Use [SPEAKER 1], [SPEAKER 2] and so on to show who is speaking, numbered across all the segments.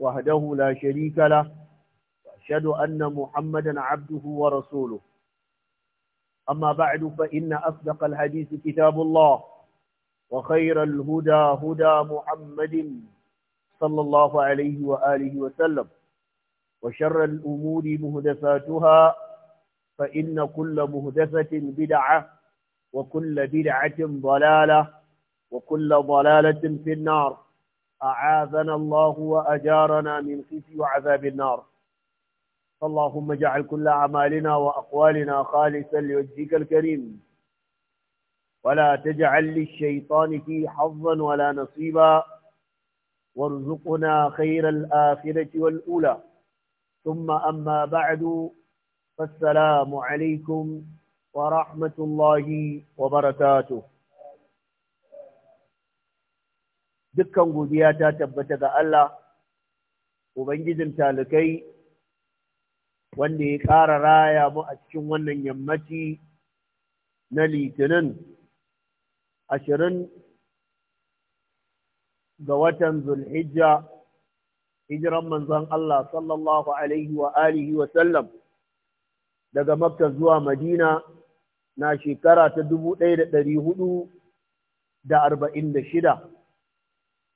[SPEAKER 1] وحده لا شريك له وأشهد أن محمدا عبده ورسوله أما بعد فإن أصدق الحديث كتاب الله وخير الهدى هدى محمد صلى الله عليه وآله وسلم وشر الأمور مهدفاتها فإن كل مهدفة بدعة وكل بدعة ضلالة وكل ضلالة في النار أعاذنا الله وأجارنا من خزي وعذاب النار اللهم اجعل كل أعمالنا وأقوالنا خالصا لوجهك الكريم ولا تجعل للشيطان في حظا ولا نصيبا وارزقنا خير الآخرة والأولى ثم أما بعد فالسلام عليكم ورحمة الله وبركاته dukkan godiya ta tabbata ga Allah, Ubangijin talikai wanda ya ƙara raya mu a cikin wannan yammaci na litinin ashirin ga watan Zulhijja, hijiran manzon Allah sallallahu Alaihi wa alihi wa sallam daga Makka zuwa Madina na shekara ta dubu ɗaya da ɗari hudu da arba'in da shida.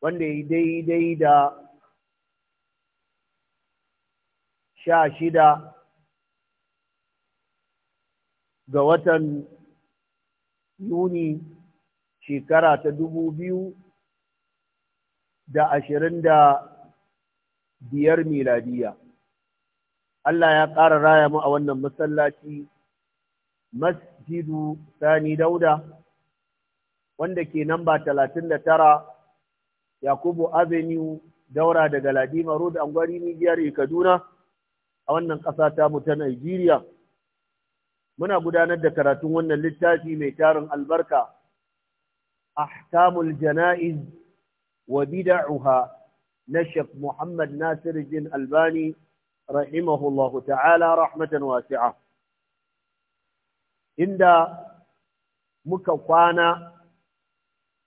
[SPEAKER 1] wanda ya daidai da sha shida ga watan Yuni shekara ta dubu biyu da ashirin da biyar miladiya. Allah ya ƙara raya mu a wannan masallaci masjidu Sani Dauda wanda ke namba talatin da tara yakubu avenue daura daga ladima road angwari nijiyar kaduna a wannan ƙasa ta mu ta Najeriya. Muna gudanar da karatun wannan littafi mai tarin albarka, Ahkamul Jana'iz wa bida'uha na Sheikh Muhammad Nasir Jin Albani, rahimahullahu ta'ala rahmatan wasi'a. Inda muka kwana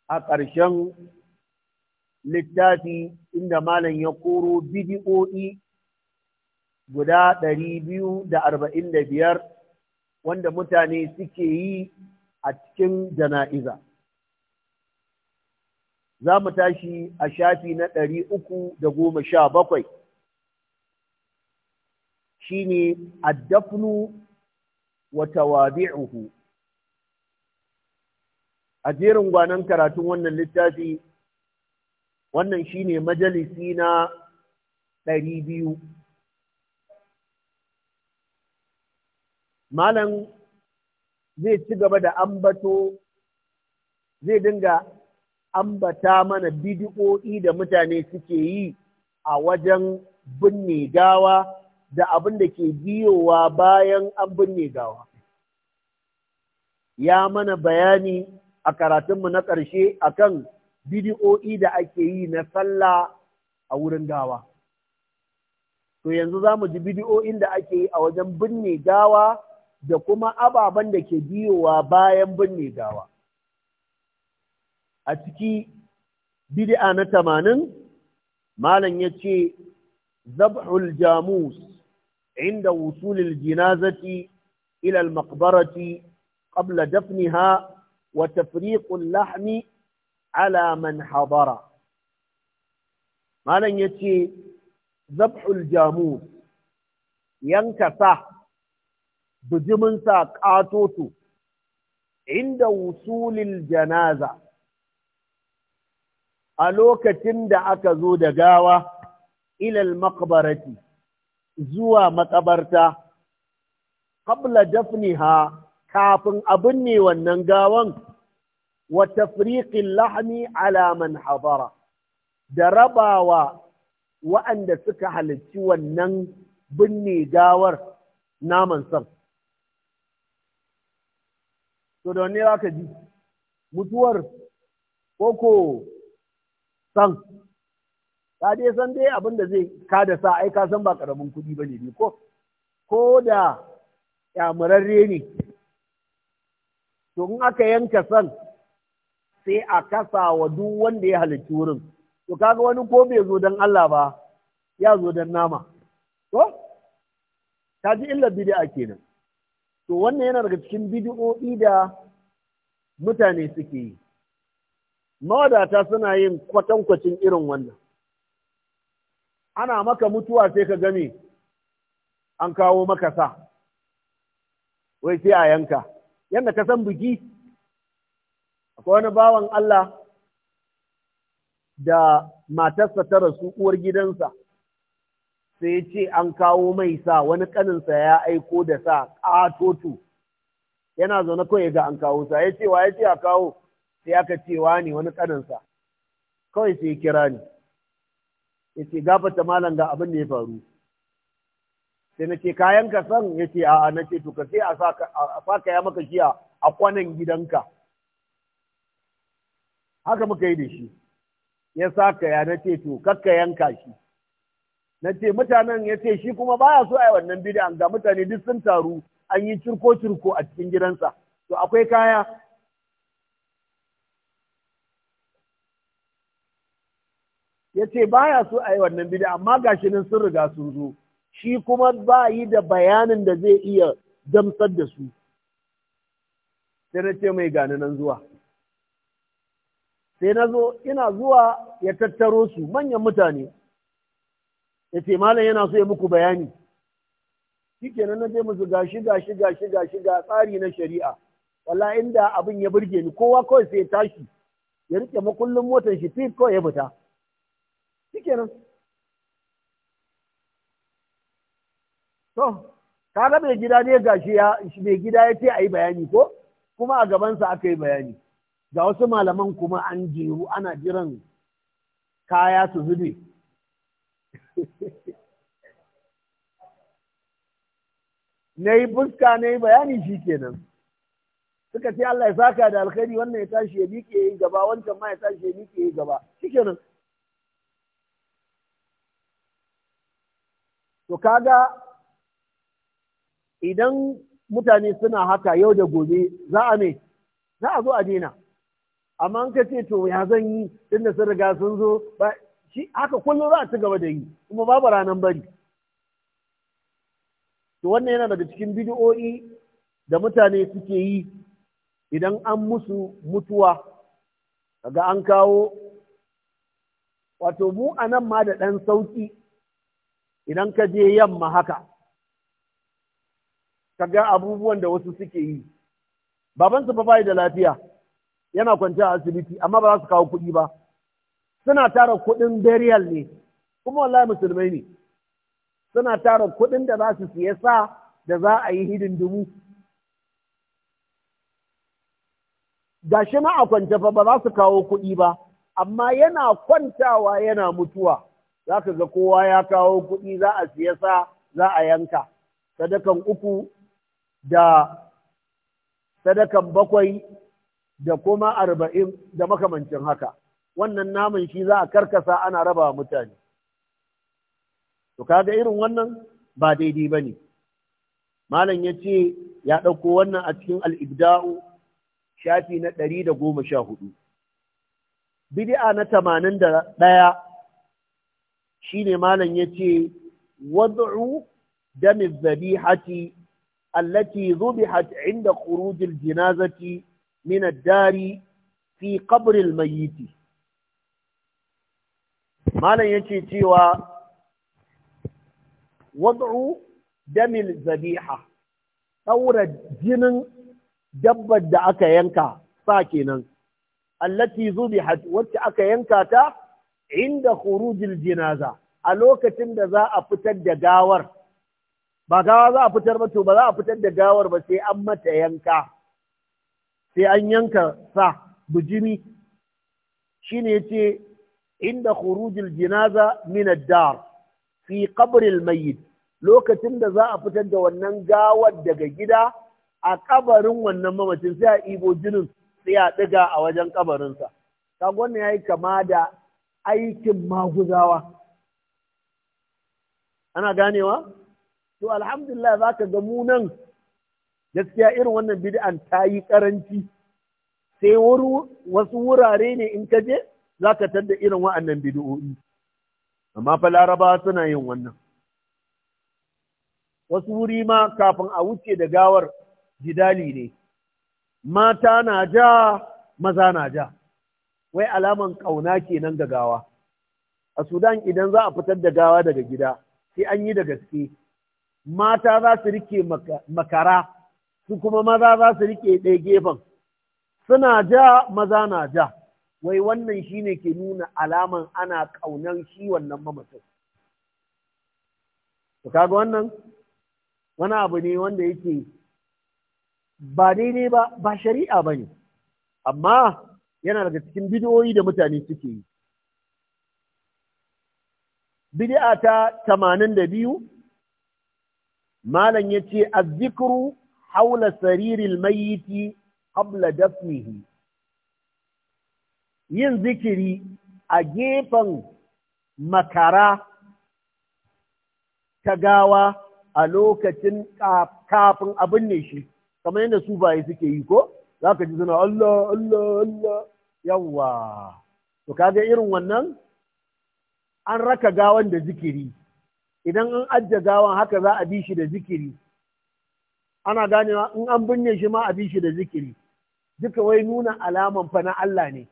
[SPEAKER 1] a ƙarshen littafi inda malam ya koro bidi'o'i guda ɗari biyu da arba'in da biyar wanda mutane suke yi a cikin jana'iza. Za mu tashi a shafi na ɗari uku da goma sha bakwai. Shi ne addafnu wa tawabi'uhu. A jerin gwanon karatun wannan littafi wannan shine majalisi na ɗari biyu malam zai ci gaba da ambato zai dinga ambata mana bidi'o'i da mutane suke yi a wajen binne gawa da abin da ke biyowa bayan an binne gawa ya mana bayani a karatunmu na ƙarshe akan bidi'o'i da ake yi na sallah a wurin gawa. To yanzu za mu ji bidi'o'in da ake yi a wajen binne gawa da kuma ababen da ke biyowa bayan binne gawa. A ciki bidi'a na tamanin, Malam ya ce, Zab'ul jamus inda wusulil jinazati ilal al-maqbarati qabla dafniha wa tafriqul lahmi ala man habara malam yace zabhul jamus yanka sa bijimin sa katoto inda wusulil janaza a lokacin da aka zo da gawa ilal maqbarati zuwa makabarta qabla dafniha kafin abin ne wannan gawan wa tafriqil lahmi ala man hadara da rabawa wa'anda suka halarci wannan binne gawar naman sam to don ne zaka ji mutuwar koko san ka dai san dai abin da zai kada sa ai ka san ba karamin kuɗi ba ne ko ko da kyamurarre ne to in aka yanka san sai a kasa wa duk wanda ya halicci wurin to kaga wani ko bai zo don Allah ba ya zo don nama to ta ji illar bid'a kenan to wannan yana daga cikin bid'o'i da mutane suke yi mawadata suna yin kwatankwacin irin wannan ana maka mutuwa sai ka gani an kawo maka sa wai sai a yanka Yanda ka san biki akwai wani bawan Allah da matarsa ta rasu uwar gidansa sai ya ce an kawo mai sa wani kaninsa ya aiko da sa ƙatoto yana zaune kawai ga an kawo sa ya ce wa ya ce a kawo sai aka ce wa ne wani kaninsa kawai sai ya kira ni ya ce gafata malam ga abin da ya faru sai na ce kayan ka san ya ce a'a na ce to ka sai a sa kaya maka shi a kwanan gidanka haka muka yi da shi ya sa ya na ce to kakka yanka shi na ce mutanen ya ce shi kuma baya so yi wannan bid'an ga mutane duk sun taru an yi cirko cirko a cikin gidansa to akwai kaya ya ce baya so yi wannan bid'a amma ga shi nan sun riga sun zo shi kuma ba yi da bayanin da zai iya gamsar da su sai na ce mai gani nan zuwa sai na zo ina zuwa ya tattaro su manyan mutane ya ce malam yana so ya muku bayani shi kenan na je musu gashi gashi gashi gashi ga tsari na shari'a Wala inda abin ya burge ni kowa kawai sai ya tashi ya rike makullin motar shi fit kawai ya fita shi kenan to ga mai gida ne gashi ya mai gida ya ce a yi bayani ko kuma a gabansa aka yi bayani ga wasu malaman kuma an jeru ana jiran kaya su zube na yi fuska na yi bayani shi kenan suka ce Allah ya saka da alkhari wannan ya tashi ya miƙe yi gaba wancan ma ya tashi ya miƙe yi gaba shi kenan to kaga idan mutane suna haka yau da gobe za a me za a zo a dina amma an ka ce to ya zan yi tunda sun riga sun zo ba shi haka kullum za a ci gaba da yi kuma babu ranar bari to wannan yana daga cikin bidiyo'i da mutane suke yi idan an musu mutuwa daga an kawo wato mu a nan ma da ɗan sauki idan ka je yamma haka ka ga abubuwan da wasu suke yi babansu fa bai da lafiya yana kwanciya a asibiti amma ba za su kawo kuɗi ba suna tara kuɗin burial ne kuma wallahi musulmai ne suna tara kuɗin da za su siya sa da za a yi hidindimu ga shi ma a kwance fa ba za su kawo kuɗi ba amma yana kwantawa yana mutuwa za ka ga kowa ya kawo kuɗi za a siya sa za a yanka sadakan uku da sadakan bakwai da kuma arba'in da makamancin haka wannan naman shi za a karkasa ana raba mutane to kaga irin wannan ba daidai ba ne malam ya ce ya ɗauko wannan a cikin al'ibda'u shafi na ɗari da goma sha hudu bidi'a na tamanin da ɗaya shi ne malam ya ce da damin hati allati hati inda kurujin jinazati min ad-dari fi qabri al-mayyit malan yace cewa wad'u damil zabiha daura jinin dabbar da aka yanka sa kenan allati zubihat wacce aka yanka ta inda khurujil jinaza a lokacin da za a fitar da gawar ba gawa za a fitar ba to ba za a fitar da gawar ba sai an mata yanka sai an yanka sa bujimi shine yace inda khurujul jinaza min ad-dar fi al mayyit lokacin da za a fitar da wannan gawar daga gida a kabarin wannan mamacin sai a ibo jinin sai a diga a wajen sa kaga wannan yayi kama da aikin maguzawa ana ganewa to alhamdulillah zaka ga mu nan gaskiya irin wannan bid'an ta yi karanci sai wasu wurare ne in ka je za ka tadda irin wa'annan bid'o'i amma fa laraba suna yin wannan wasu wuri ma kafin a wuce da gawar jidali ne mata na ja maza na ja wai alaman ƙauna kenan ga gawa a sudan idan za a fitar da gawa daga gida sai an yi da gaske mata za su rike makara su kuma maza za su rike ɗaya gefen suna ja maza na ja wai wannan shine ke nuna alaman ana ƙaunar shi wannan mamacin to kaga wannan wani abu ne wanda yake ba daidai ba ba shari'a ba ne amma yana daga cikin bidiyoyi da mutane suke yi bidi'a ta tamanin biyu malam ya ce azzikru haula sariril mayyiti qabla dafnihi yin zikiri a gefen makara ta gawa a lokacin kafin abin ne shi kamar yadda su baye suke yi ko za ka ji suna Allah Allah Allah yawwa to kaga irin wannan an raka gawan da zikiri idan an ajiye gawan haka za a bi shi da zikiri ana ganewa in an binne shi ma a bi shi da zikiri duka wai nuna alaman fa na Allah ne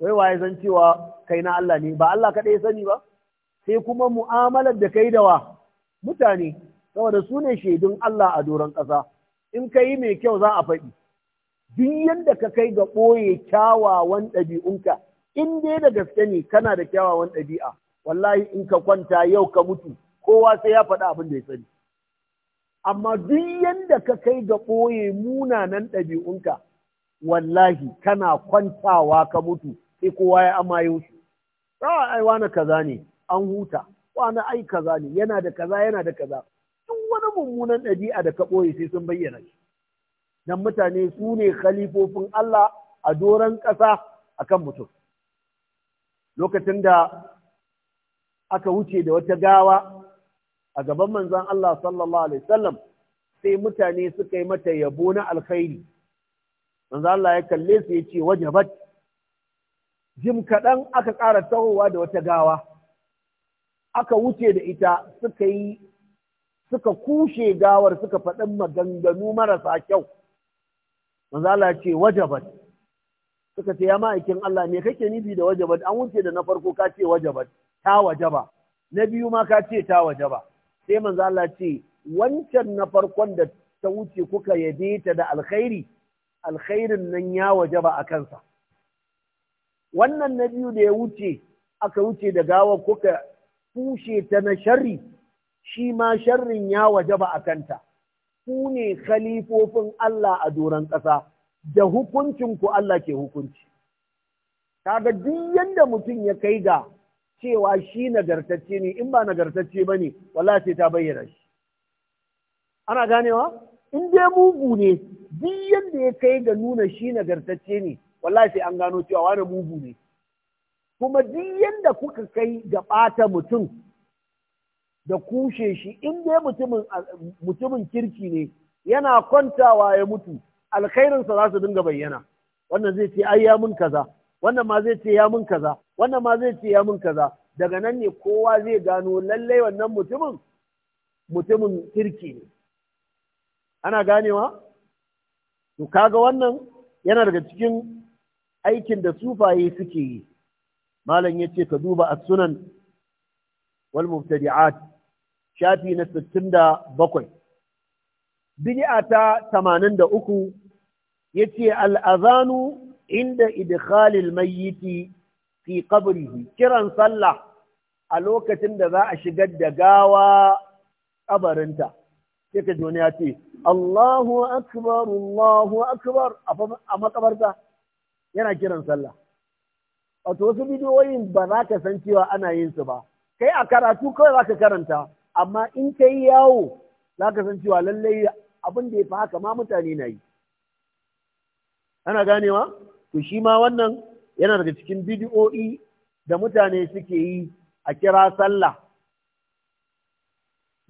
[SPEAKER 1] wai waye san cewa kai na Allah ne ba Allah kaɗai sani ba sai kuma mu'amalar da kai da wa mutane saboda su ne shaidun Allah a doron ƙasa in ka yi mai kyau za a faɗi duk yadda ka kai ga ɓoye kyawawan ɗabi'unka in dai da gaske ne kana da kyawawan ɗabi'a wallahi in ka kwanta yau ka mutu kowa sai ya faɗi abin da ya sani amma duk yadda ka kai ga ɓoye munanan ɗabi'unka wallahi kana kwantawa ka mutu sai kowa ya amayo shi a ah, ai wani kaza ne an huta wani ai kaza ne yana da kaza yana da kaza duk wani mummunan ɗabi'a da ka ɓoye sai sun bayyana shi dan mutane su ne khalifofin Allah a doron ƙasa akan mutum lokacin da aka wuce da wata gawa a gaban manzon Allah sallallahu alaihi wasallam sai mutane suka yi mata yabo na alkhairi manzon Allah ya kalle su yace wajabat jim kaɗan aka ƙara tahowa da wata gawa aka wuce da ita suka yi suka kushe gawar suka faɗin maganganu marasa kyau manzo Allah ce wajabat suka ce ya ma'aikin Allah me kake nufi da wajabat an wuce da na farko ka ce wajabat ta wajaba na biyu ma ka ce ta wajaba sai manzo Allah ce wancan na farkon da ta wuce kuka yabe ta da alkhairi alkhairin nan ya wajaba a kansa wannan na biyu da ya wuce aka wuce da gawar kuka kushe ta na sharri shi ma sharrin ya wajaba a kanta ku ne khalifofin Allah a doron ƙasa da hukuncinku Allah ke hukunci kaga duk yanda mutum ya kai ga cewa shi nagartacce ne in ba nagartacce ba ne wallahi ce ta bayyana shi ana ganewa in dai mugu ne duk yadda ya kai ga nuna shi nagartacce ne wallahi ce an gano cewa wani mugu ne kuma duk yadda kuka kai ga ɓata mutum da kushe shi in dai mutumin kirki ne yana kwantawa ya mutu alkhairinsa za su dinga bayyana wannan zai ce ai ya mun kaza wannan ma zai ce ya mun kaza wannan ma zai ce ya mun kaza daga nan ne kowa zai gano lallai wannan mutumin mutumin kirki ne ana ganewa to kaga wannan yana daga cikin aikin da sufaye suke yi malam yace ka duba as-sunan wal mubtadi'at shafi na 67 bid'a ta 83 yace al-azanu inda idkhalil mayyiti fi qabrihi kiran sallah a lokacin da za a shigar da gawa kabarinta sai ka ji ya ce Allahu akbar Allahu akbar a makabarta yana kiran sallah wato wasu bidiyoyin ba za ka san cewa ana yin su ba kai a karatu kawai za ka karanta amma in ka yi yawo za ka san cewa lallai abin da ya fi haka ma mutane na yi ana ganewa to shi ma wannan yana daga cikin bidiyo'i da mutane suke yi a kira sallah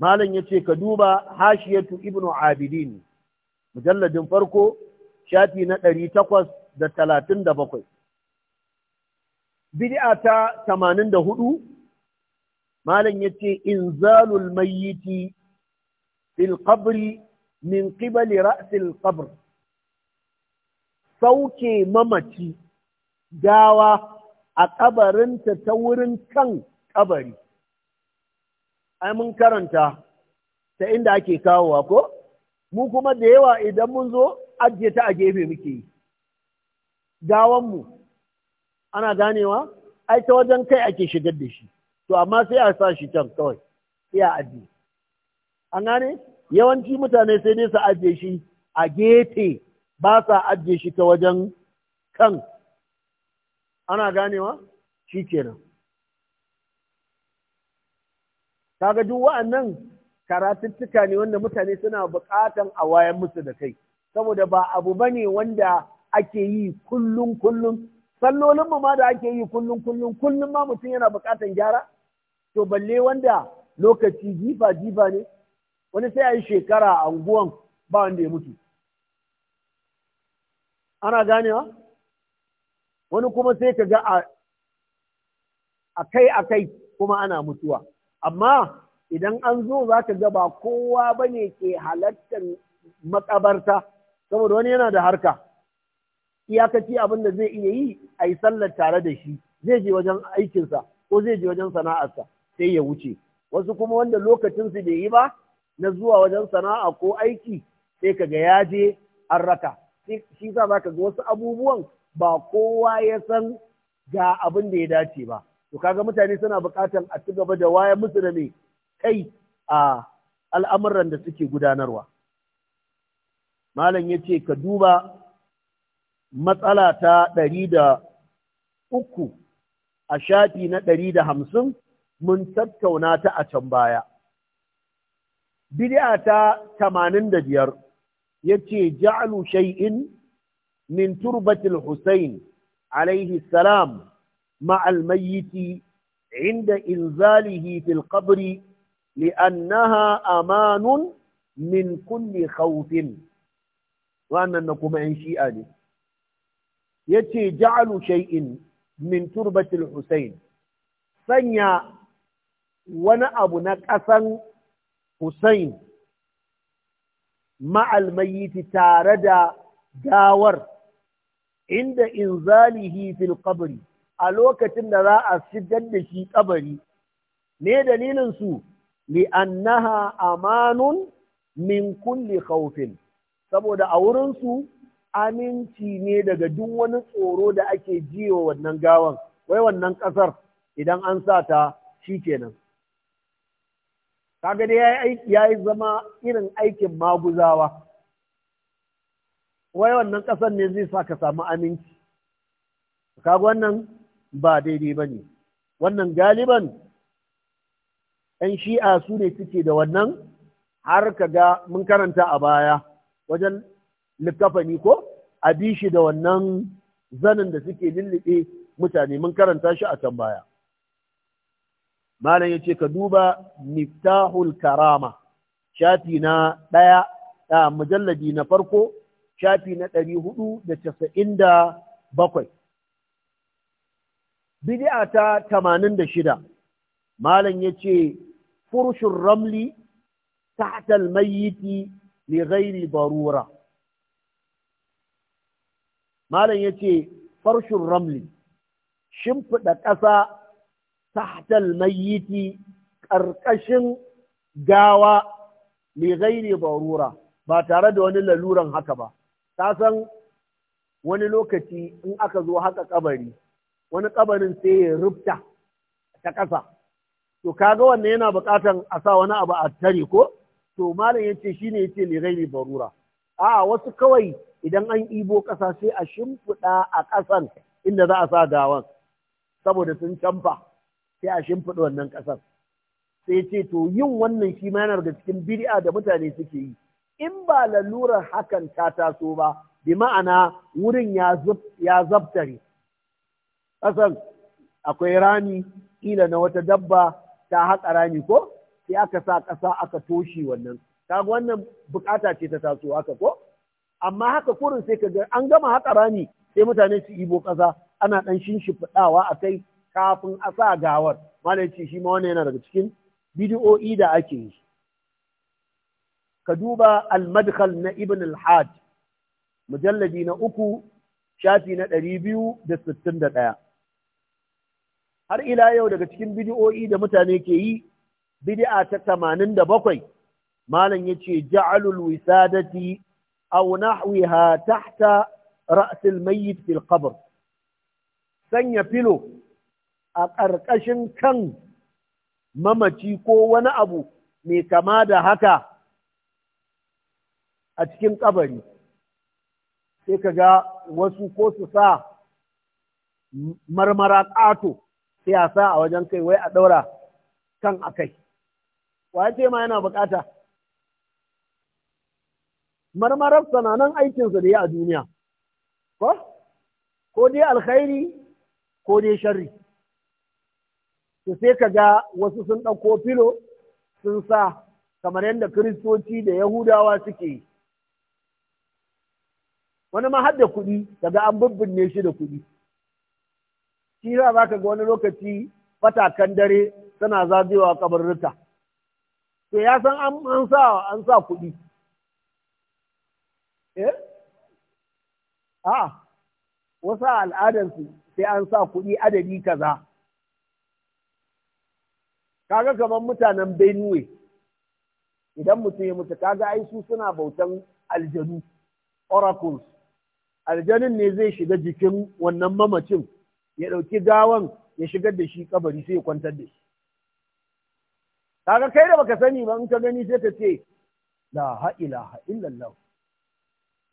[SPEAKER 1] malam ya ce ka duba hashiyatu ibnu abidin mujalladin farko shafi na ɗari takwas da talatin da bakwai bid'a ta tamanin da malam ya ce inzalul mayyiti fil qabri min qibali ra'sil qabr sauke mamaci gawa a ƙabarinta ta wurin kan ƙabari. Ai mun karanta ta inda ake kawowa ko? Mu kuma da yawa idan mun zo ajiye ta a gefe muke yi. Gawanmu, ana ganewa? Ai ta wajen kai ake shigar da shi. To amma sai a sa shi can kawai, sai a ajiye. An gane? Yawanci mutane sai dai su ajiye shi a gefe ba sa ajiye shi ta wajen kan ana ganewa shi kenan kaga duk wa'annan karatuttuka ne wanda mutane suna buƙatan a wayan musu da kai saboda ba abu ba ne wanda ake yi kullum kullum sallolin mu ma da ake yi kullum kullum kullum ma mutum yana buƙatan gyara to balle wanda lokaci jifa jifa ne wani sai a yi shekara a unguwan ba wanda ya mutu ana ganewa wani kuma sai ka ga a kai a kai kuma ana mutuwa amma idan an zo za ka ga ba kowa ba ne ke halattar makabarta saboda wani yana da harka iyakaci abin da zai iya yi a yi sallar tare da shi zai je wajen aikinsa ko zai je wajen sana'arsa sai ya wuce wasu kuma wanda lokacinsu bai yi ba na zuwa wajen sana'a ko aiki sai ka ga ya je an raka shi za ka ga wasu abubuwan ba kowa ya san ga abin da ya dace ba to kaga mutane suna buƙatar a ci gaba da waya musu da mai kai a al'amuran da suke gudanarwa malam ya ce ka duba matsala ta ɗari da uku a shafi na ɗari da hamsin mun tattauna ta a can baya. Bidi'a ta tamanin da biyar yace jaalu shay'in min turbatil Husain husayn alayhi salam ma'a al-mayyit inda inzalihi fil qabri annaha amanun min kulli khawfin wannan na kuma yan shi'a ne yace ja'alu shay'in min turbatil Husain. husayn sanya wani abu na ƙasan Husain. ma'al mayyiti tare da gawar inda in inzalihi fil kabari a lokacin da za a shigar da shi kabari ne dalilin su annaha amanun min kulli khawfin saboda a wurin su aminci ne daga duk wani tsoro da ake jiwa wannan gawan wai wannan ƙasar idan an sa ta shi kenan. kaga da ya yi zama irin aikin maguzawa wai wannan ƙasar ne zai sa ka samu aminci kaga wannan ba daidai ba ne wannan galiban 'yan shi'a su ne suke da wannan har ka ga mun karanta a baya wajen littafani ko a bi shi da wannan zanin da suke lullube mutane mun karanta shi a can baya malam yace ka duba miftahul karama shafi na ɗaya a mujalladi na farko shafi na ɗari hudu da casa'in da bakwai bid'a ta tamanin da shida malam yace furshin ramli tahta almayyiti li ghairi darura malam yace farshin ramli shimfiɗa ƙasa tahtal mayyiti ƙarƙashin gawa li ghairi barura ba tare da wani laluran haka ba ta san wani lokaci in aka zo haka kabari wani kabarin sai ya rufta ta ƙasa to kaga wannan yana buƙatan a sa wani abu a tare ko to malam yace shine yace li ghairi barura a wasu kawai idan an ibo ƙasa sai a shimfiɗa a ƙasan inda za a sa gawan saboda sun canfa sai a shimfiɗa wannan ƙasar sai ce to yin wannan shi ma yana daga cikin bid'a da mutane suke yi in ba lalurar hakan ta taso ba bi ma'ana wurin ya zabtare ƙasar akwai rami ƙila na wata dabba ta haƙa rami ko sai aka sa ƙasa aka toshe wannan ga wannan buƙata ce ta taso haka ko amma haka kurin sai ka ga an gama haƙa rami sai mutane su ibo ƙasa ana ɗan fiɗawa a kai kafin a sa gawar malam ce shi ma wannan yana daga cikin bidiyo'i da ake yi ka duba al-madkhal na ibn al mujalladi na uku shafi na ɗari biyu da sittin da ɗaya har ila yau daga cikin bidiyo'i da mutane ke yi bid'a ta tamanin da bakwai malam ya ce ja'alul wisadati aw nahwiha tahta ra'sil mayyit fil qabr sanya filo a ƙarƙashin kan mamaci ko wani abu mai kama da haka a cikin ƙabari. Sai ka ga wasu ko su sa marmara ƙato sai a sa a wajen kai wai a ɗaura kan a kai. Wa ce ma yana buƙata? Marmarar sananan aikinsa da ya a duniya. Ko? Ko dai alkhairi ko dai sharri. su sai ka ga wasu sun ɗauko filo sun sa kamar yadda kiristoci da yahudawa suke yi wani ma har da kuɗi daga an ne shi da kuɗi shi za za ka ga wani lokaci fatakan dare suna zagayowa kabarruka to ya san an sa an sa kuɗi eh a'a wasu al'adarsu sai an sa kuɗi adadi kaza kaga kamar mutanen Benue idan mutum ya mutu kaga ai su suna bautan aljanu oracles aljanin ne zai shiga jikin wannan mamacin ya ɗauki gawan ya shigar da shi kabari sai ya kwantar da shi kaga kai da baka sani ba in ka gani sai ka ce la ilaha illallah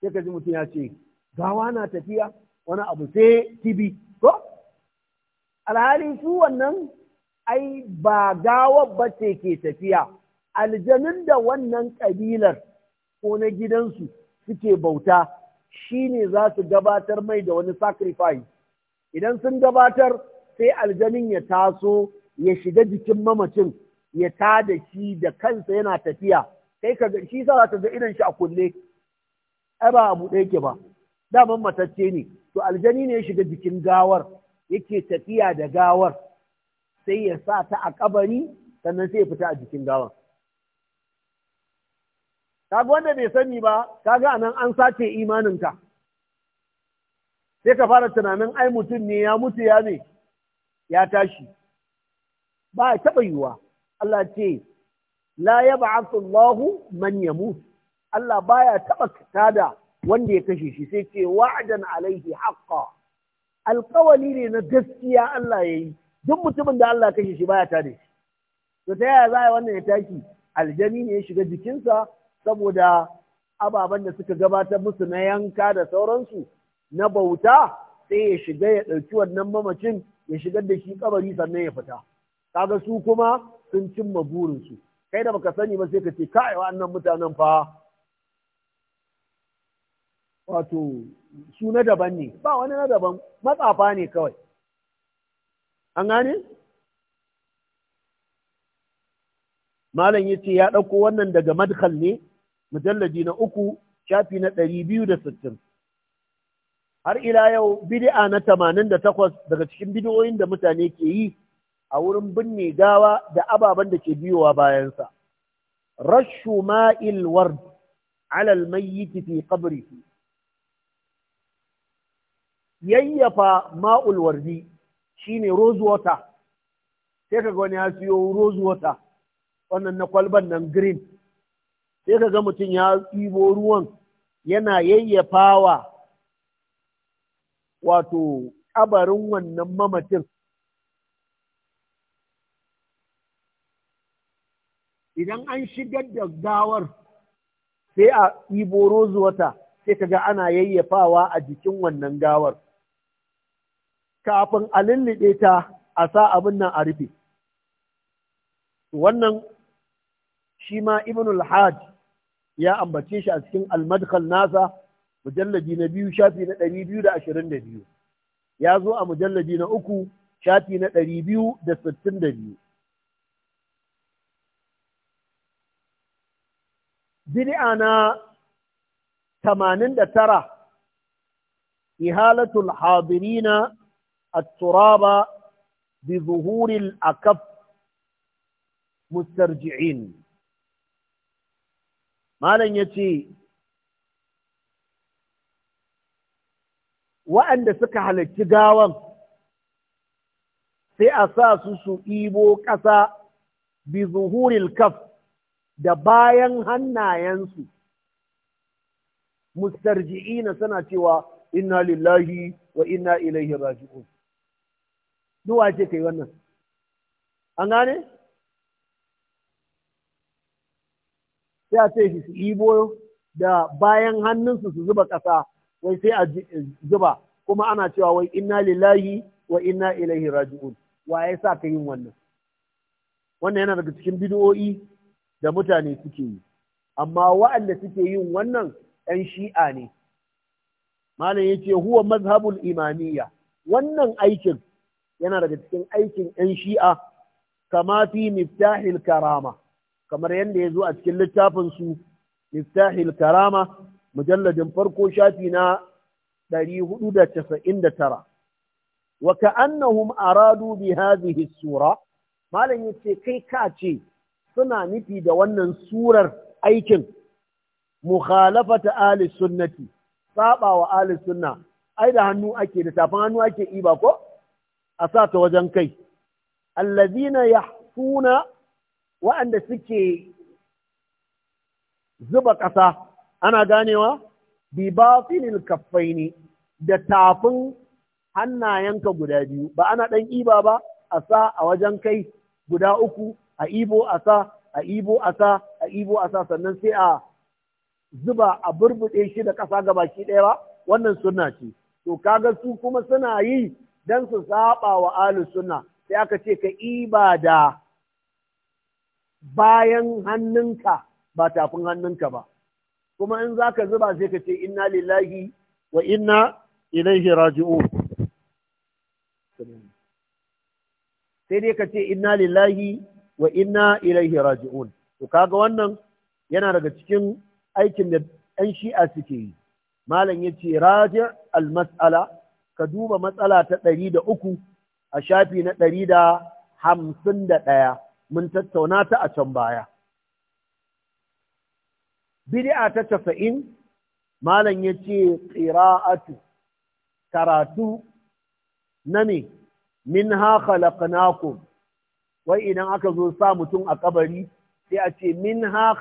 [SPEAKER 1] sai ka ji mutum ya ce gawa na tafiya wani abu sai tibi ko alhali su wannan ai ba gawar ba ce ke tafiya aljanun da wannan ƙabilar ko na gidansu suke bauta shi ne za su gabatar mai da wani sacrifice idan sun gabatar sai aljanin ya taso ya shiga jikin mamacin ya ta da shi da kansa yana tafiya kai ka shi sa za ta ga idan shi a kulle ai ba abu ɗaya ke ba daman matacce ne to aljani ne ya shiga jikin gawar yake tafiya da gawar sai ya sa ta a kabari sannan sai ya fita a jikin gawan kaga wanda bai sani ba kaga anan an sace imaninka sai ka fara tunanin ai mutum ne ya mutu ya ne ya tashi ba taɓa yiwuwa Allah ce la yab'athu Allahu man yamut Allah baya taɓa tada wanda ya kashe shi sai ce wa'adan alaihi haqqa alƙawali ne na gaskiya Allah ya yi. duk mutumin da Allah kashe shi baya tare shi to ta yaya za a yi wannan ya taki aljani ne ya shiga jikinsa saboda ababen da suka gabatar musu na yanka da sauransu na bauta sai ya shiga ya ɗauki wannan mamacin ya shigar da shi kabari sannan ya fita kaga su kuma sun cimma burinsu kai da baka sani ba sai ka ce kai annan mutanen fa wato su na daban ne ba wani na daban matsafa ne kawai an gane malam ya ce ya ɗauko wannan daga madkhal ne mujallaji na uku shafi na ɗari biyu da sittin har ila yau bidi'a na tamanin da takwas daga cikin bidiyoyin da mutane ke yi a wurin binne gawa da ababen da ke biyowa bayansa rashu ma'il ward mai yi fi qabrihi yayyafa ma'ul wardi shine rose water sai kaga wani ya siyo rose water wannan na kwalban nan green sai kaga mutum ya ibo ruwan yana yayyafawa wato ƙabarin wannan mamacin idan an shigar da gawar sai a ibo rose water sai kaga ana yayyafawa a jikin wannan gawar. kafin a lullube ta a sa abin nan a rufe. Wannan shi ma Ibn al-Hajj ya ambace shi a cikin al-madkhal nasa mujallaji na biyu shafi na ɗari biyu da ashirin da biyu. Ya zo a mujallaji na uku shafi na ɗari biyu da sittin da biyu. Bid'a na tamanin da tara ihalatul hadirina bi التراب بظهور الأكف مسترجعين malam ya ce wa'anda suka halarci gawan sai a sa su su ibo ƙasa bi zuhuril kaf da bayan hannayensu mustarji'ina suna cewa inna lillahi wa inna ilaihi raji'un duwa ce ka yi wannan an gane sai a ce shi su ibo da bayan hannunsu su zuba ƙasa wai sai a zuba kuma ana cewa wai inna lillahi wa inna ilaihi raji'un wa ya sa ka yin wannan wannan yana daga cikin bidiyo'i da mutane suke yi amma wa'anda suke yin wannan 'yan shi'a ne malam ya ce huwa mazhabul imaniya. wannan aikin yana daga cikin aikin 'yan shi'a kama fi miftahil karama kamar yadda ya zo a cikin littafin su miftahil karama mujalladin farko shafi na 499 wa ka'annahum aradu bi hadhihi sura malam yace kai ka ce suna nufi da wannan surar aikin mukhalafata ahli sunnati saba wa ahli sunna ai da hannu ake da tafin hannu ake iba ko a ta wajen kai allazina yahsuna wa'anda suke zuba ƙasa ana ganewa bi batilil kaffaini da tafin hannayenka guda biyu ba ana ɗan iba ba Asa sa a wajen kai guda uku a ibo asa, a ibo asa, a ibo asa. sannan sai a zuba a burbuɗe shi da ƙasa ga baki ɗaya ba wannan sunna ce to kaga su kuma suna yi dan su saba wa alu suna, sai aka ce ka iba da bayan hannunka ba tafin hannunka ba kuma in za ka zuba sai ka ce inna lillahi wa inna ilaihi raji'un sai dai ka ce inna lillahi wa inna ilaihi raji'un to kaga wannan yana daga cikin aikin da ɗan shi'a suke yi malam ya ce raji al-mas'ala ka duba matsala ta ɗari da uku a shafi na ɗari da hamsin da ɗaya mun tattauna ta a can baya. bidi'a ta casa'in, Malam ya ce tu, karatu na me, min ha wai idan aka zo sa mutum a kabari sai a ce min ha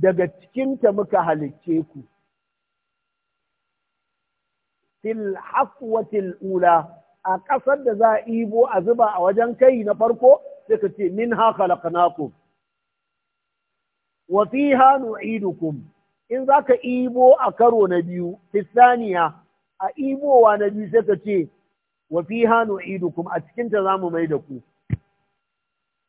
[SPEAKER 1] daga cikinta muka halicce ku. fil ula a ƙasar da za a ibo a zuba a wajen kai na farko sai ka ce min ha khalaqnakum wa fiha nu'idukum in za ka ibo a karo na biyu fisaniya a ibowa na biyu sai ka ce wa fiha nu'idukum a cikin ta zamu mai da ku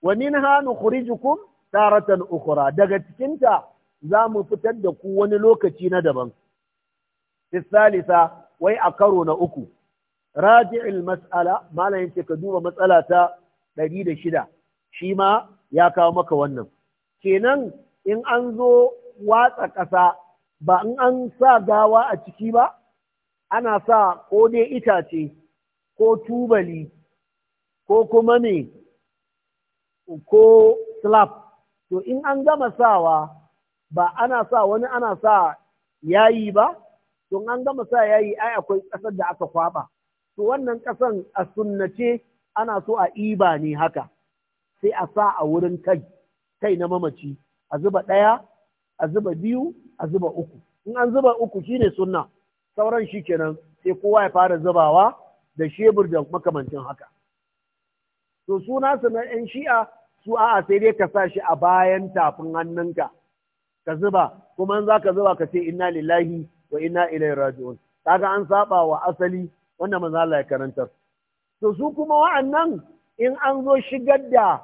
[SPEAKER 1] wa minha nukhrijukum taratan ukhra daga cikinta ta zamu fitar da ku wani lokaci na daban fisalisa wai a karo na uku raji'il mas'ala malam yace ka duba matsala ta ɗari da shida, shi ma ya kawo maka wannan kenan in an zo watsa ƙasa ba in an sa gawa a ciki ba ana sa ko dai itace ko tubali ko kuma ne ko slab to in an gama sawa ba ana sa wani ana sa yayi ba Tun an gama sa yayi ai akwai ƙasar da aka kwaɓa. To wannan ƙasan a sunnace ana so a iba ne haka. Sai a sa a wurin kai, kai na mamaci. A zuba ɗaya, a zuba biyu, a zuba uku. In an zuba uku shine sunna. Sauran shi kenan sai kowa ya fara zubawa da shebur da makamancin haka. To suna su na 'yan shi'a su a'a sai dai ka sa shi a bayan tafin hannunka. ka zuba kuma za ka zuba ka ce inna lillahi wa inna ilai raji'un kaga an saba wa asali wanda manzo Allah ya karanta to su kuma wa'annan in an zo shigar da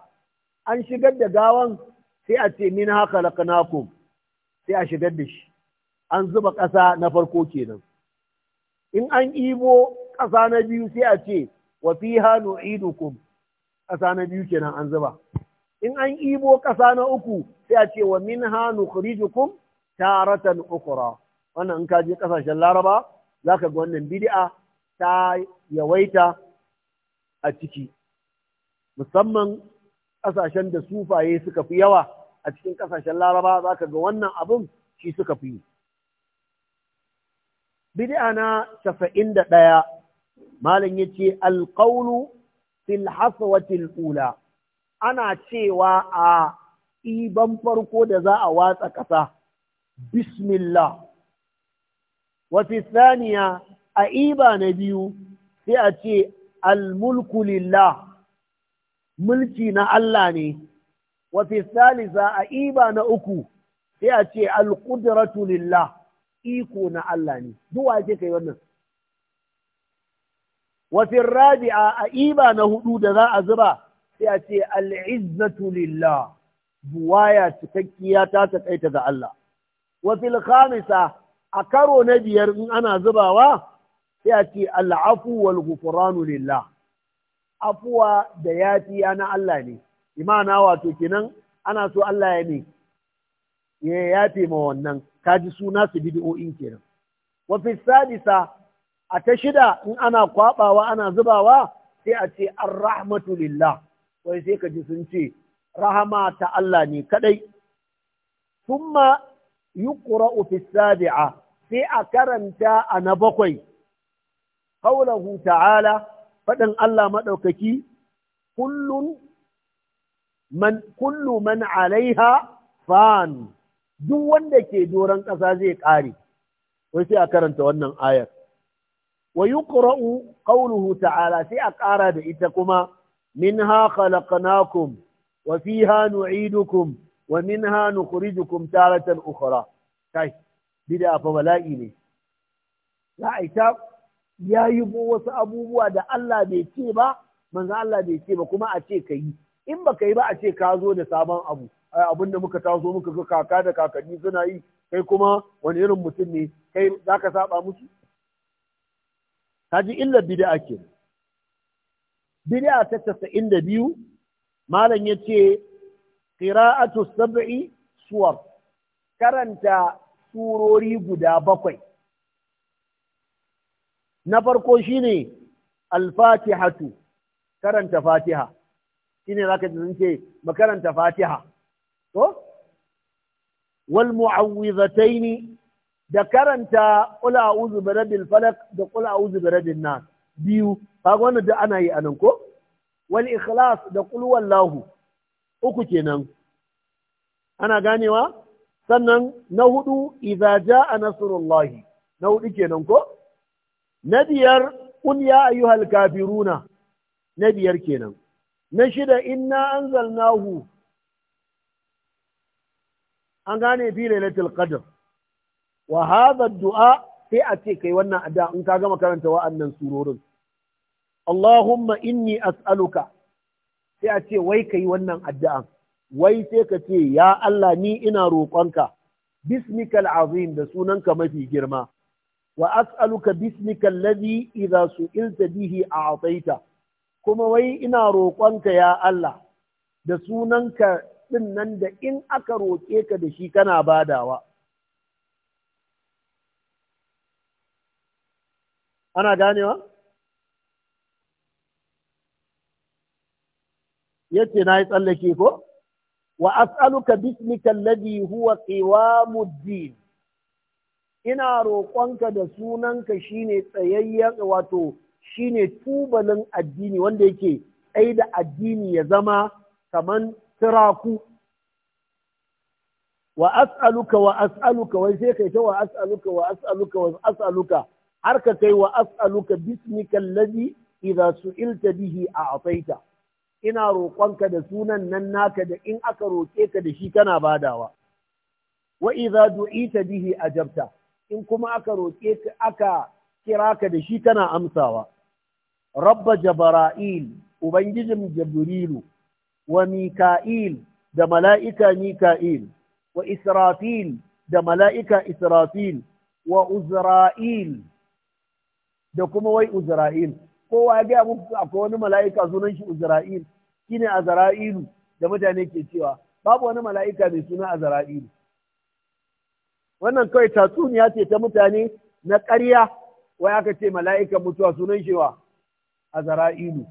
[SPEAKER 1] an shigar da gawan sai a ce min haka laqnakum sai a shigar da shi an zuba ƙasa na farko kenan in an ibo ƙasa na biyu sai a ce wa fiha nu'idukum ƙasa na biyu kenan an zuba in an ibo ƙasa na uku sai a ce wa minha nukhrijukum taratan ukhra wannan in ka je kasashen laraba za ka ga wannan bid'a ta yawaita a ciki musamman kasashen da sufaye suka fi yawa a cikin kasashen laraba za ka ga wannan abun shi suka fi bid'a na casa'in da ɗaya malam ya ce alƙaunu fil haswatil ula ana cewa a iban farko da za a watsa ƙasa bismillah wafi saniya a iba na biyu sai a ce almulku lillah mulki na Allah ne wafi salisa a iba na uku sai a ce lillah iko na Allah ne duwa wa kai wannan wafi rabi'a a iba na hudu da za a zuba sai a ce al'izzatu lillah buwaya cikakkiya ta taƙaita ga Allah wafi khamisa a karo na biyar in ana zubawa sai a ce al'afu wal gufuranu lillah afuwa da yafiya na Allah ne imana wato kenan ana so Allah ya ne ya yafe ma wannan kaji suna su bid'o'in kenan wa fi sadisa a ta shida in ana kwabawa ana zubawa sai a ce an rahmatu lillah wai sai ka ji sun ce rahama ta Allah ne kadai thumma yuqra'u Fissabi'a sai a karanta a na bakwai qaulahu ta'ala faɗin Allah maɗaukaki kullun man kullu 'alaiha fan duk wanda ke doron ƙasa zai ƙare wai sai a karanta wannan ayar wa yuqra'u qawluhu ta'ala sai a ƙara da ita kuma minha khalaqnakum wa fiha nu'idukum wa minha nukhrijukum taratan ukhra kai bid'a fa bala'i ne za a ita ya yi wasu abubuwa da Allah bai ce ba manzo Allah bai ce ba kuma a ce ka yi in ba yi ba a ce ka zo da sabon abu abin da muka taso muka ga kaka da kakanni suna yi kai kuma wani irin mutum ne kai za ka saba musu kaji illar bid'a ke bid'a ta 92 malam yace qira'atu sab'i suwar karanta surori guda bakwai na farko shine al-fatihatu karanta fatiha shine zaka ji sun makaranta fatiha to wal mu'awwidhataini da karanta qul a'udhu bi rabbil falaq da qul a'udhu bi rabbin nas biyu kaga wannan duk ana yi anan ko wal ikhlas da qul wallahu uku kenan ana ganewa sannan na hudu idza jaa nasrullahi na hudu kenan ko na biyar kun ya ayyuhal kafiruna na biyar kenan na shida inna anzalnahu an gane fi lailatul qadr wa hadha du'a sai a ce kai wannan addu'a in ka gama karanta wa'annan surorin Allahumma inni as'aluka sai a ce wai ka yi wannan addu'an wai sai ka ce ya Allah ni ina roƙonka bismikal azim da sunanka mafi girma wa as'aluka bismikal ladhi idza su'ilta bihi a'taita kuma wai ina roƙonka ya Allah da sunanka ɗin nan da in aka roƙe ka da shi kana badawa ana ganewa yace na yi tsallake ko wa as'aluka bismika alladhi huwa din ina roƙonka da sunanka shine tsayayyen wato shine tubalin addini wanda yake tsaye addini ya zama kaman tiraku wa as'aluka wa as'aluka wai sai kai ta wa as'aluka wa as'aluka wa as'aluka har ka kai wa as'aluka bismika alladhi idza su'ilta bihi a'taita ina roƙonka da sunan nan naka da in aka roƙe ka da shi kana badawa wa idza du'ita bihi ajabta in kuma aka roƙe ka aka kira ka da shi kana amsawa rabba jabara'il ubangijin jibrilu wa mika'il da mala'ika mika'il wa israfil da mala'ika israfil wa uzra'il da kuma wai uzra'il kowa ya gaya muku akwai wani mala'ika sunan shi izrail shine Azra'ilu da mutane ke cewa babu wani mala'ika mai suna Azra'ilu wannan kawai tatsuniya ce ta mutane na ƙarya wai aka ce mala'ika mutuwa sunan shi wa Azra'ilu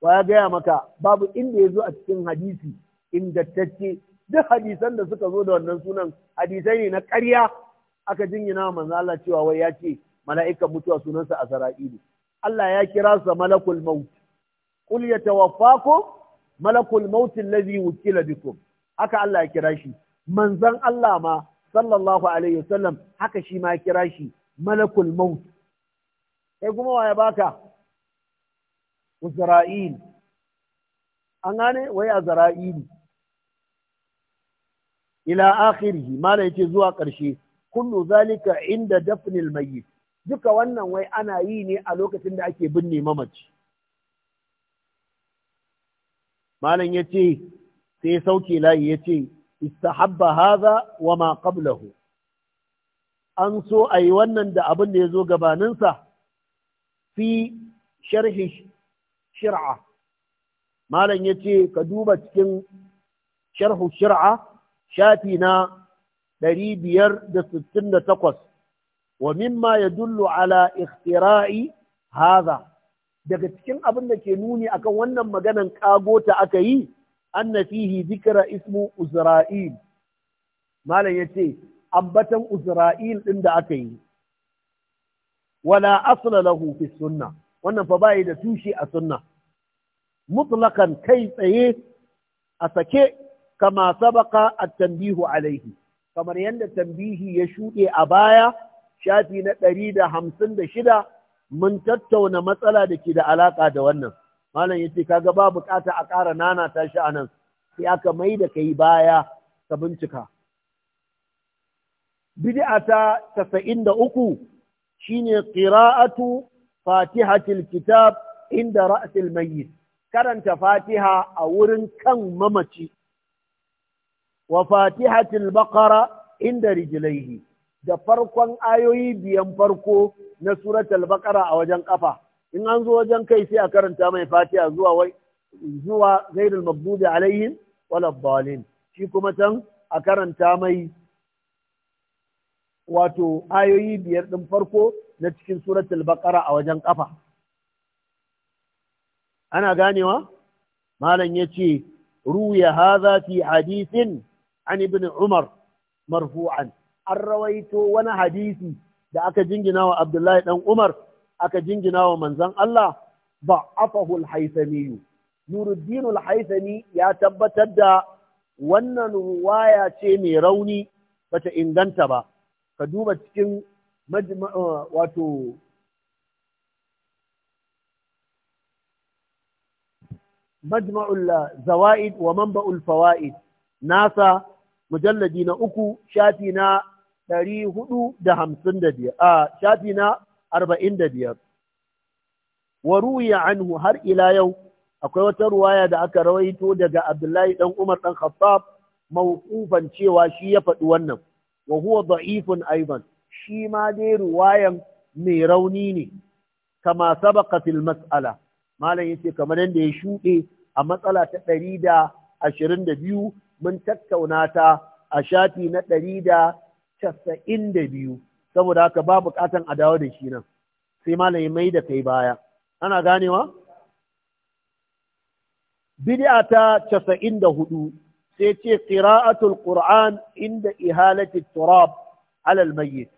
[SPEAKER 1] wa ya gaya maka babu inda ya zo a cikin hadisi ingantacce duk hadisan da suka zo da wannan sunan hadisai ne na ƙarya aka jinyina wa manzo Allah cewa wai ya ce mala'ikan mutuwa sunansa Azra'ilu Allah ya kira sa malakul maut qul yatawaffakum malakul maut allazi wukila bikum haka Allah ya kira shi manzan Allah ma sallallahu alaihi wasallam haka shi ma ya kira shi malakul maut kai kuma waya baka Uzra'il an gane wai Azra'il ila akhirhi mala yake zuwa ƙarshe kullu zalika inda dafnil mayyit duka wannan wai ana yi ne a lokacin da ake binne mamaci malam ya ce sai ya sauke layi ya ce istahabba haza wa ma qablahu an so a yi wannan da abin da ya zo gabaninsa fi sharhi shir'a malam ya ce ka duba cikin sharhu shir'a shafi na 568 wa mimma yadullu ala ikhtira'i hadha daga cikin abin da ke nuni akan wannan maganan kago ta aka yi anna fihi dhikra ismu uzra'il malam yace ambatan uzra'il ɗin da aka yi wala asla lahu fi sunna wannan fa bai da tushe a sunna mutlakan kai tsaye a sake kama sabaka a tanbihu alaihi kamar yadda tambihi ya shuɗe a baya shafi na ɗari da hamsin da shida mun tattauna matsala da ke da alaƙa da wannan malam ya ce kaga ba buƙata a ƙara nana ta shi a nan sai aka mai da kai baya ka bincika Bidi'a ta tasa'in da uku shine ƙira'atu fatihatil kitab inda ra'sil mayyit karanta fatiha a wurin kan mamaci wa fatihatil baqara inda rijlaihi da farkon ayoyi biyan farko na suratal baqara a wajen kafa in an zo wajen kai sai a karanta mai fatiha zuwa wai zuwa ghairul maghdubi alaihim shi kuma can a karanta mai wato ayoyi biyar din farko na cikin al baqara a wajen kafa ana ganewa malam yace ruya hadha fi hadithin an ibn umar marfu'an an rawaito wani hadisi da aka jingina wa Abdullahi ɗan Umar, aka jingina wa manzan Allah, ba afahul haisamiyu. Nuruddinul haisami ya tabbatar da wannan ruwaya ce mai rauni bata inganta ba, ka duba cikin uh, wato majma'ul zawa'id wa manba'ul fawa'id nasa mujalladi na uku shafi na ɗari hudu da hamsin da biyar a shafi na arba'in da biyar anhu har ila yau akwai wata ruwaya da aka rawaito daga Abdullahi dan Umar dan Khattab mawqufan cewa shi ya faɗi wannan wa huwa da'ifun aidan shi ma dai ruwayan mai rauni ne kama sabaqa fil mas'ala malam yace kamar yadda ya shuɗe a matsala ta 122 mun tattauna ta a shafi na 100 casa'in da biyu saboda haka ba bukatan a dawo da shi nan sai malami mai da kai baya ana ganewa bid'a ta casa'in da hudu sai ce qira'atul qur'an inda ihalati turab alal mayyit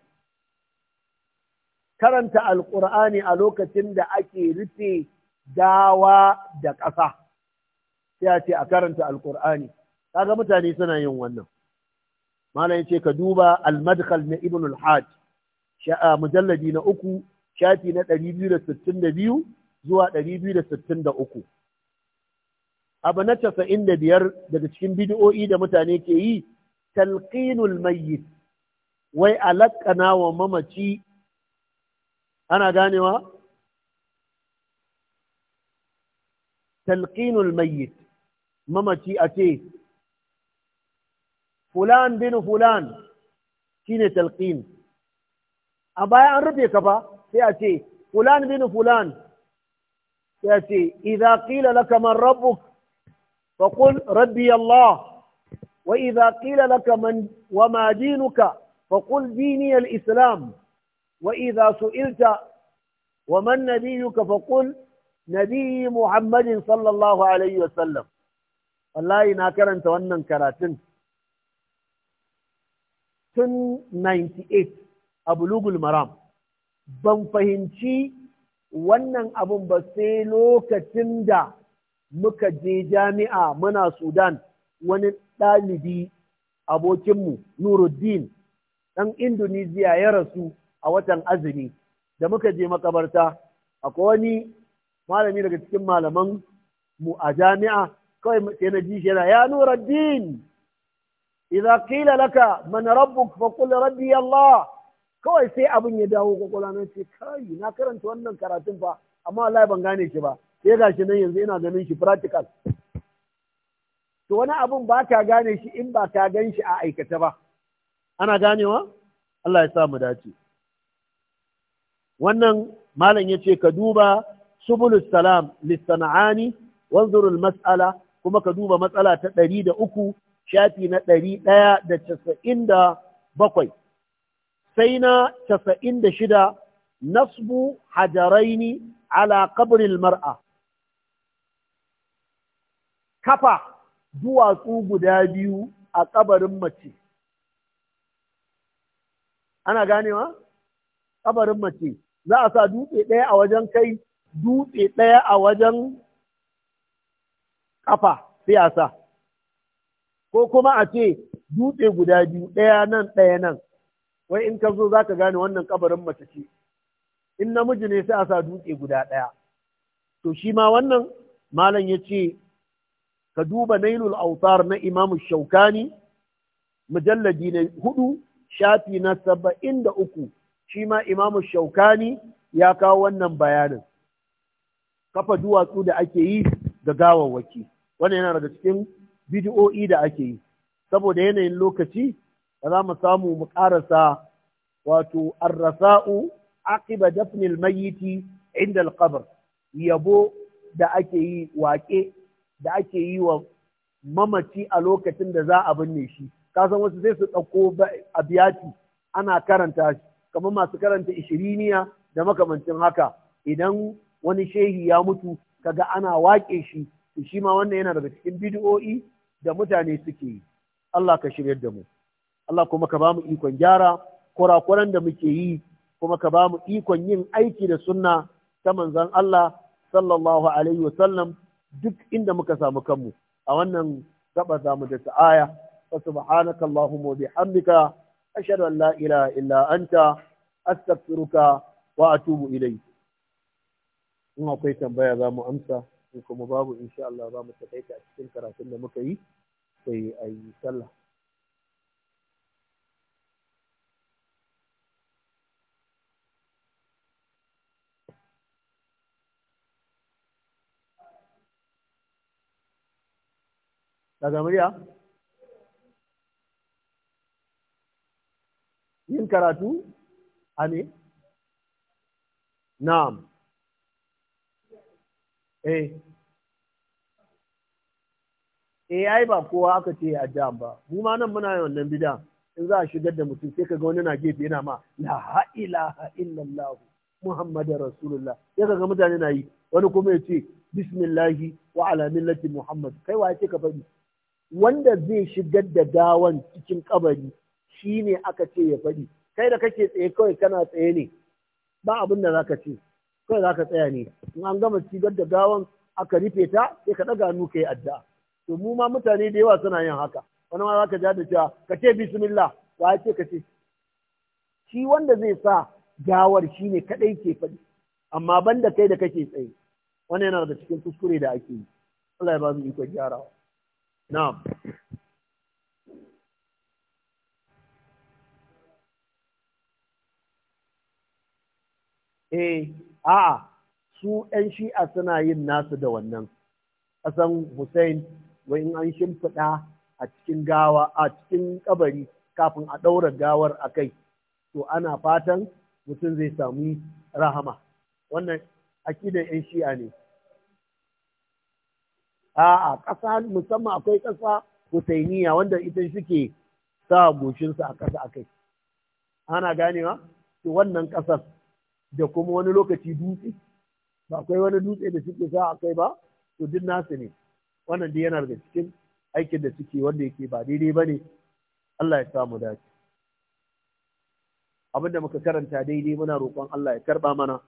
[SPEAKER 1] karanta alqur'ani a lokacin da ake rufe dawa da ƙasa sai a ce a karanta alqur'ani kaga mutane suna yin wannan malam yace ka duba al-madkhal na ibn al-hajj sha'a ah, mujalladi na uku shafi na 262 zuwa 263 abu na 95 daga cikin bid'o'i da mutane ke yi talqinul mayyit wai alakana wa mamaci ana ganewa talqinul mayyit mamaci a ce fulan bin fulan shine talqin a baya an rufe ka fa sai a ce fulan bin fulan sai a ce idza qila laka man rabbuk fa qul rabbi Allah wa idza qila laka man wa ma dinuka fa qul dini al-islam wa idza su'ilta wa man nabiyuka fa qul nabiyyi Muhammadin sallallahu alaihi wasallam wallahi na karanta wannan karatun Tun 1998 a bulugul maram ban fahimci wannan abun ba sai lokacin da muka je jami'a muna sudan wani ɗalibi abokinmu nuruddin ɗan indonesia ya rasu a watan azumi da muka je makabarta akwai wani malami daga cikin malaman mu a jami'a kawai sai na ji shi yana ya nuruddin idza qila laka man rabbuk fa qul rabbi Allah kawai sai abun ya dawo kwakwalwa na ce kai na karanta wannan karatun fa amma wallahi ban gane shi ba sai gashi nan yanzu ina ganin shi practical to wani abun ba ka gane shi in ba ka gan a aikata ba ana ganewa Allah ya sa mu dace wannan malam ya ce ka duba subulus salam lissana'ani wanzurul mas'ala kuma ka duba matsala ta ɗari da uku shafi na ɗari ɗaya da casa'in da bakwai sai na casa'in da shida nasbu hajaraini ala kabril mar'a kafa duwatsu guda biyu a kabarin mace ana ganewa kabarin mace za a sa dutse ɗaya a wajen kai dutse ɗaya a wajen kafa sai sa ko kuma a ce dutse guda biyu ɗaya nan ɗaya nan wai in ka zo za ka gane wannan kabarin mace ce in namiji ne sai a sa dutse guda ɗaya to shi ma wannan malam ya ce ka duba nailul autar na imamu shaukani mujalladi na hudu shafi na saba'in da uku shi ma imamu shaukani ya kawo wannan bayanin kafa duwatsu da ake yi ga gawawwaki wannan yana daga cikin bid'o'i da ake yi saboda yanayin lokaci ba za mu samu mu ƙarasa wato arrasa'u aqiba dafnil mayyiti inda alqabr yabo da ake yi waƙe da ake yi wa mamaci a lokacin da za a binne shi kasan wasu sai su ɗauko abiyati ana karanta shi kamar masu karanta ishiriniya da makamancin haka idan wani shehi ya mutu kaga ana waƙe shi shi ma wannan yana daga cikin bidiyo'i da mutane suke yi Allah ka shiryar da mu Allah kuma ka bamu ikon gyara kurakuran da muke yi kuma ka bamu ikon yin aiki da sunna ta manzon Allah sallallahu alaihi wasallam duk inda muka samu kanmu a wannan gaba za mu da ta'aya fa subhanaka allahumma bihamdika ashhadu an la ilaha wa atubu in akwai tambaya za amsa in kuma babu insha Allah za mu takaita a cikin karatun da muka yi sai a yi sallah daga murya yin karatu a na'am eh eh ai ba kowa aka ce a da ba mu ma nan muna yin wannan bid'a in za a shigar da mutum sai kaga wani na gefe yana ma la ilaha illallah muhammadu rasulullah sai kaga mutane na yi wani kuma ya ce bismillahi wa ala millati muhammad kai wa ce ka faɗi wanda zai shigar da gawan cikin kabari shine aka ce ya faɗi kai da kake tsaye kawai kana tsaye ne ba abin da ka ce kawai za ka tsaya ne in an gama cigar da gawan aka rufe ta sai ka ɗaga hannu ka yi addu'a to mu ma mutane da yawa suna yin haka wani ma za ka ja da cewa ka ce bismillah wa ce ka ce shi wanda zai sa gawar shi ne kaɗai ke faɗi amma banda kai da kake tsaye wani yana da cikin kuskure da ake yi Allah ya ba mu ikon gyarawa na'am eh a'a su 'yan shi'a suna yin nasu da wannan ƙasan Hussein wai in an shimfiɗa a cikin gawa a cikin kabari kafin a ɗaura gawar a kai to ana fatan mutum zai sami rahama wannan akidan 'yan shi'a ne a'a ƙasa musamman akwai ƙasa Husainiya wanda ita suke sa goshinsu a ƙasa akai ana ganewa to wannan ƙasar da kuma wani lokaci dutse ba akwai wani dutse da suke sa a kai ba to duk nasu ne wannan dai yana daga cikin aikin da suke wanda yake ba daidai ba ne Allah ya samu dace abin da muka karanta daidai muna roƙon Allah ya karba mana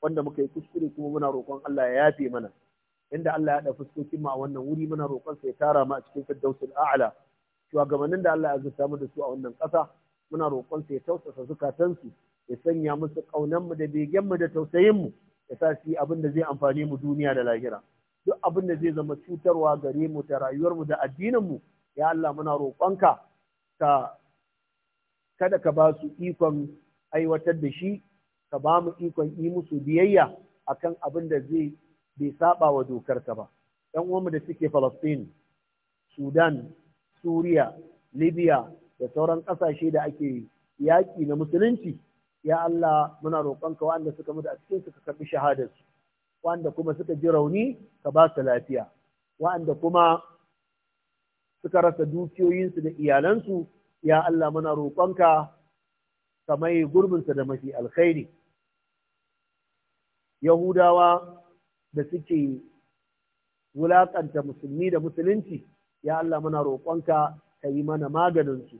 [SPEAKER 1] wanda muka yi kuskure kuma muna roƙon Allah ya yafe mana inda Allah ya haɗa fuskokin mu a wannan wuri muna roƙon sa ya tara mu a cikin firdausul a'la shugabannin da Allah ya azurta mu da su a wannan ƙasa muna roƙon sa ya tausasa zukatansu ya sanya musu ƙaunanmu da begenmu da tausayinmu ya sa su yi abin da zai amfani mu duniya da lahira duk abin da zai zama cutarwa gare mu da rayuwarmu da addininmu ya Allah muna roƙonka ka kada ka ba su ikon aiwatar da shi ka ba mu ikon yi musu biyayya akan abin da zai bai saba wa dokar ka ba ɗan uwanmu da suke Falastin Sudan Suriya Libya da sauran ƙasashe da ake yaƙi na musulunci ya Allah muna roƙonka wanda suka mutu a cikin ka karbi shahadarsu wanda kuma suka ji rauni ka ba su lafiya wanda kuma suka rasa dukiyoyinsu da iyalansu ya Allah muna roƙonka ka mai gurbinsa da mafi alkhairi yahudawa da suke wulaƙanta musulmi da musulunci ya Allah muna roƙonka ka yi mana maganinsu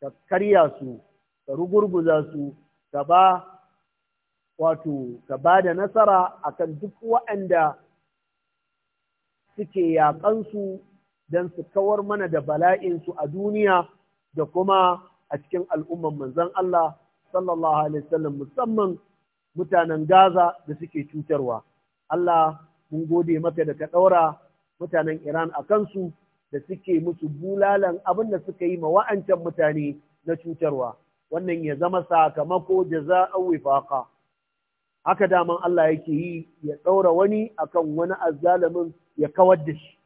[SPEAKER 1] ka karya su ka rugurguza su ka wato ka da nasara akan duk waɗanda suke yaƙansu don su kawar mana da bala'insu a duniya da kuma a cikin al'umman manzon Allah sallallahu alaihi wasallam musamman mutanen Gaza da suke cutarwa. Allah mun gode maka da ka ɗaura mutanen Iran a kansu da suke musu bulalan abin da suka yi ma wa'ancan mutane na cutarwa. wannan ya zama sakamako jaza'an faƙa. haka daman Allah yake yi ya ɗaura wani akan wani azzalimin ya kawar da shi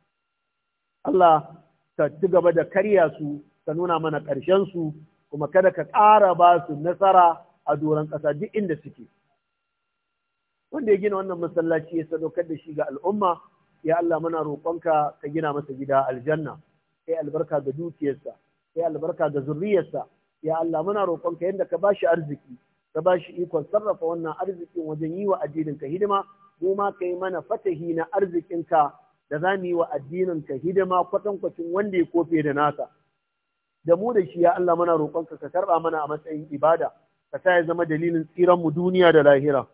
[SPEAKER 1] Allah ka ci gaba da karya su ka nuna mana ƙarshen su kuma kada ka ƙara ba su nasara a doron ƙasa duk inda suke wanda ya gina wannan masallaci ya sadaukar da shi ga al'umma ya Allah muna roƙonka ka gina masa gida aljanna kai albarka ga dukiyarsa kai albarka ga zurriyarsa ya Allah muna roƙonka yadda ka ba shi arziki ka bashi ikon sarrafa wannan arzikin wajen yi wa addininka hidima mu ma ka yi mana fatahi na arzikinka da za mu yi wa addininka hidima kwatankwacin wanda ya kofe da naka da mu da shi ya Allah muna roƙonka ka karɓa mana a matsayin ibada ka sa ya zama dalilin mu duniya da lahira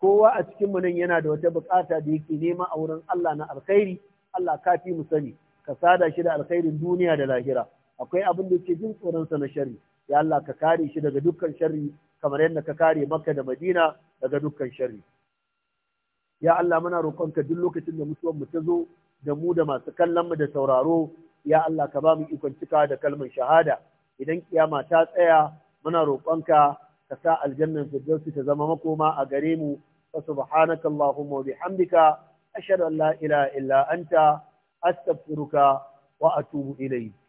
[SPEAKER 1] kowa a cikin mu nan yana da wata bukata da yake nema a wurin Allah na alkhairi Allah ka fi mu sani ka sada shi da alkhairin duniya da lahira akwai abin da yake jin tsoron sa na sharri ya Allah ka kare shi daga dukkan sharri kamar yadda ka kare Makka da Madina daga dukkan sharri ya Allah muna roƙonka duk lokacin da mutuwar mu ta zo da mu da masu kallon mu da sauraro ya Allah ka ba mu ikon cika da kalmar shahada idan kiyama ta tsaya muna roƙonka ka sa aljannan firdausi ta zama makoma a gare mu fa subhanaka allahumma wa bihamdika ashhadu an la ilaha illa anta astaghfiruka wa atubu ilayk